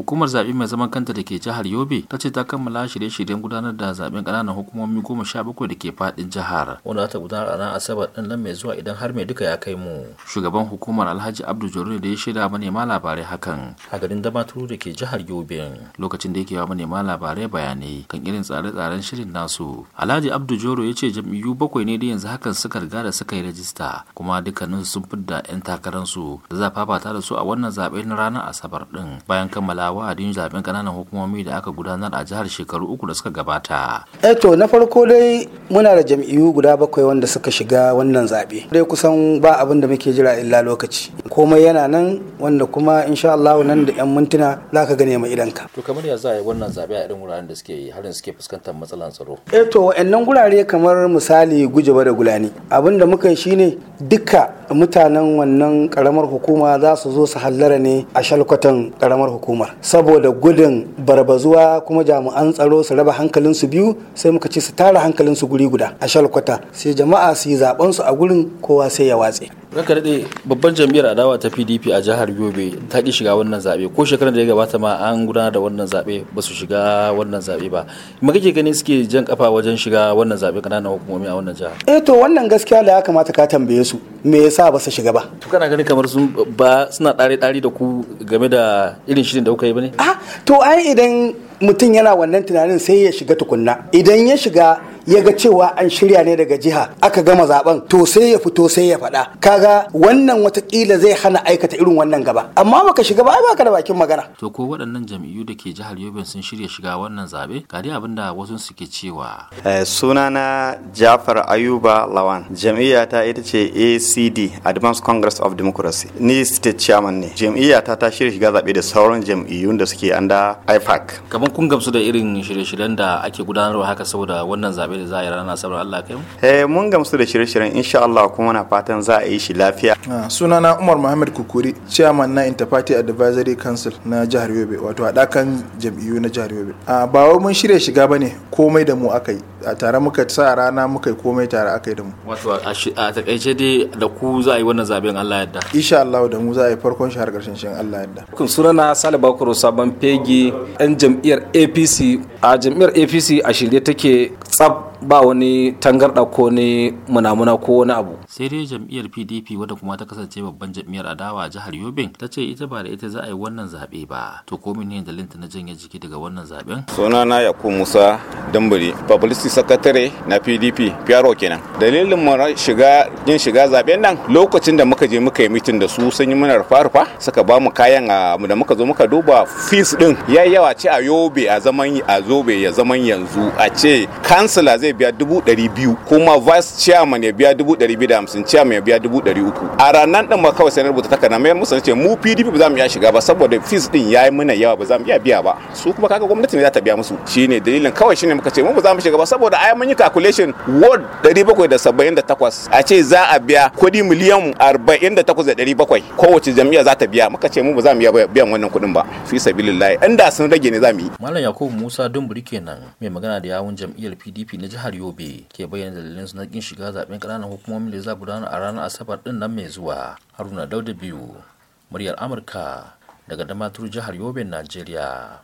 Hukumar zaɓe mai zaman kanta da ke jihar Yobe ta ce ta kammala shirye-shiryen gudanar da zaɓen ƙananan hukumomi goma sha bakwai da ke faɗin jihar wanda ta gudanar a ranar Asabar ɗin nan mai zuwa idan har mai duka ya kai mu. Shugaban hukumar Alhaji Abdu Jarir da ya shaida manema labarai hakan a garin Damaturu da ke jihar Yobe lokacin da yake wa manema labarai bayanai kan irin tsare-tsaren shirin nasu. Alhaji Abdu Joro ya ce jam'iyyu bakwai ne da yanzu hakan suka riga da suka yi rajista kuma dukkaninsu sun fidda 'yan takararsu da za fafata da su a wannan zaɓe na ranar Asabar ɗin bayan kammala A wa'adin zaben kananan hukumomi da aka gudanar a jihar shekaru uku da suka gabata. Eto, eh na farko dai muna da jam'iyyu guda bakwai wanda suka shiga wannan zaɓe. Dai kusan ba abin da muke jira illa lokaci. Komai yana nan wanda kuma insha Allah nan da 'yan mintuna za ka gane mai idanka. To kamar ya za a yi wannan zaɓe a irin wuraren da suke yi harin suke fuskantar matsalan tsaro. Eh to wa'annan gurare kamar misali gujeba da gulani abin da muka yi shine duka mutanen wannan karamar hukuma za su zo su hallara ne a shalkwatan karamar hukumar saboda gudun barbazuwa kuma jami'an tsaro su raba hankalin su biyu sai muka ce su tara hankalin su guri guda a shalkwata sai jama'a su yi zaben su a gurin kowa sai ya watse ranka daɗe babban jam'iyyar adawa ta pdp a jihar yobe ta ƙi shiga wannan zaɓe ko shekarar da ya gabata ma an gudanar da wannan zaɓe ba su shiga wannan zaɓe ba ma kake ganin suke jan kafa wajen shiga wannan zaɓe ƙananan hukumomi a wannan jihar eh to wannan gaskiya da ya kamata ka tambaye su me yasa ba su shiga ba to kana ganin kamar sun ba suna ɗare ɗari da ku game da irin shirin da kuka yi ba ne ah to ai idan mutum yana wannan tunanin sai ya shiga tukunna idan ya shiga ya ga cewa an shirya ne daga jiha aka gama zaben to sai ya fito sai ya faɗa kaga wannan watakila zai hana aikata irin wannan gaba amma baka shiga ba ai baka da bakin magana to ko waɗannan jam'iyyu da ke jihar Yobe sun shirya shiga wannan zabe ga dai abin da wasu suke cewa eh, sunana Jafar Ayuba Lawan ta ita ce ACD Advanced Congress of Democracy ni state chairman ne Jami'a ta shirya shiga zabe da sauran jam'iyyun da suke anda IFAC kaman kun gamsu da irin shirye-shiryen da ake gudanarwa haka saboda wannan zabe da za a yi rana asabar Allah kai mu eh mun gamsu da shirye-shiryen insha Allah kuma na fatan za a yi shi lafiya ah, sunana Umar Muhammad Kukuri chairman na Interparty Advisory Council na jihar Yobe wato haɗakan jam'iyyu na jihar Yobe ah, ba wai mun shirya shiga ba ne komai da mu aka yi a tare muka sa rana muka yi komai tare aka yi da mu wato a takaice dai da ku za a yi wannan zaben Allah yadda insha Allah da mu za a yi farkon shi har karshen shin Allah yadda kun sunana Sale Bakuru Sabon Fegi ɗan jam'iyyar APC a jam'iyyar APC a shirye take tsab ba wani tangarɗa ko ne munamuna ko wani abu. sai dai jam'iyyar pdp wadda kuma ta kasance babban jam'iyyar adawa a jihar yobin ta ce ita ba da ita za a yi wannan zaɓe ba to ko mene dalilin ta na janye jiki daga wannan zaɓen. sunana yakubu musa dambari publicity secretary na pdp piyaro kenan dalilin mu shiga yin shiga zaɓen nan lokacin da muka je muka yi mitin da su sun yi mana rufa-rufa suka ba mu kayan ah, da muka zo muka duba fees din ya yawa ce a yobe a zaman a zobe ya zaman yanzu a ce kansila zai zai biya dubu ɗari biyu kuma vice chairman ya biya dubu ɗari biyu da hamsin chairman ya biya dubu ɗari uku a ranar ɗin ma kawai sai na rubuta takarda mayar musu ce mu pdp ba za mu iya shiga ba saboda fees ɗin ya yi mana yawa ba za mu iya biya ba su kuma kaga gwamnati ne za ta biya musu shine dalilin kawai shine muka ce mu ba za mu shiga ba saboda ai mun yi calculation ward ɗari bakwai da saba'in da takwas a ce za a biya kuɗi miliyan arba'in da takwas da ɗari bakwai kowace jam'iyya za ta biya muka ce mu ba za mu iya biyan wannan kuɗin ba fi sabilillahi inda sun rage ne za mu yi. Malam Yakubu Musa Dumburi kenan mai magana da yawun jam'iyyar PDP na jihar jihar yobe ke bayyana dalilin su na kin shiga zaben ƙananan hukumomin da za gudana a ranar asabar din nan mai zuwa haruna dauda biyu muryar amurka daga damatur jihar yobe najeriya